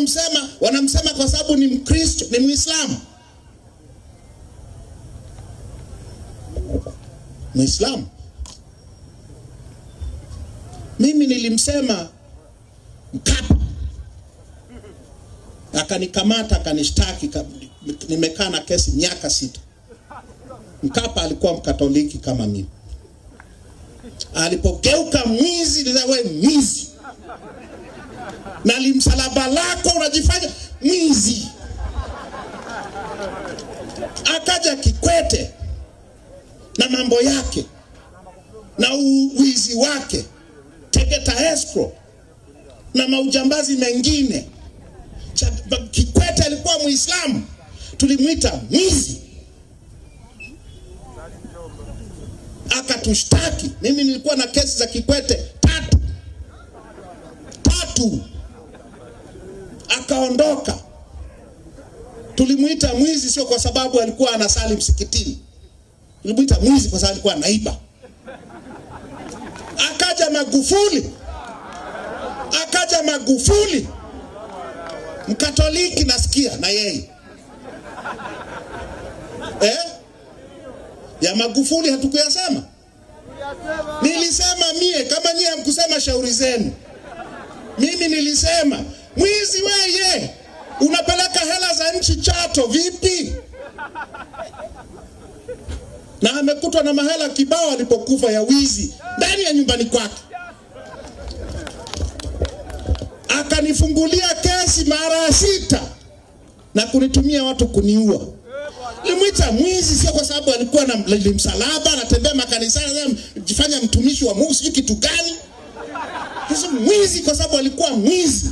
wanaomsema wanamsema kwa sababu ni Mkristo, ni Muislamu. Muislamu mimi nilimsema Mkapa, akanikamata akanishtaki, nimekaa na kesi miaka sita. Mkapa alikuwa mkatoliki kama mimi, alipogeuka mwizi, we mwizi na limsalaba lako unajifanya mwizi. Akaja Kikwete na mambo yake na uwizi wake Tegeta escrow na maujambazi mengine. Kikwete alikuwa Muislamu, tulimwita mwizi, akatushtaki. Mimi nilikuwa na kesi za Kikwete tatu tatu akaondoka. Tulimuita mwizi sio kwa sababu alikuwa anasali msikitini, tulimuita mwizi kwa sababu alikuwa anaiba. Akaja Magufuli, akaja Magufuli, Mkatoliki nasikia na yeye eh? ya Magufuli hatukuyasema. Nilisema mie kama nyie hamkusema, shauri zenu. Mimi nilisema mwizi we yeye unapeleka hela za nchi Chato vipi? Na amekutwa na mahela kibao alipokufa ya wizi ndani ya nyumbani kwake, akanifungulia kesi mara ya sita na kunitumia watu kuniua. nimwita mwizi sio kwa sababu alikuwa na msalaba anatembea makanisani jifanya mtumishi wa Mungu, sijui kitu gani. Mwizi kwa sababu alikuwa mwizi.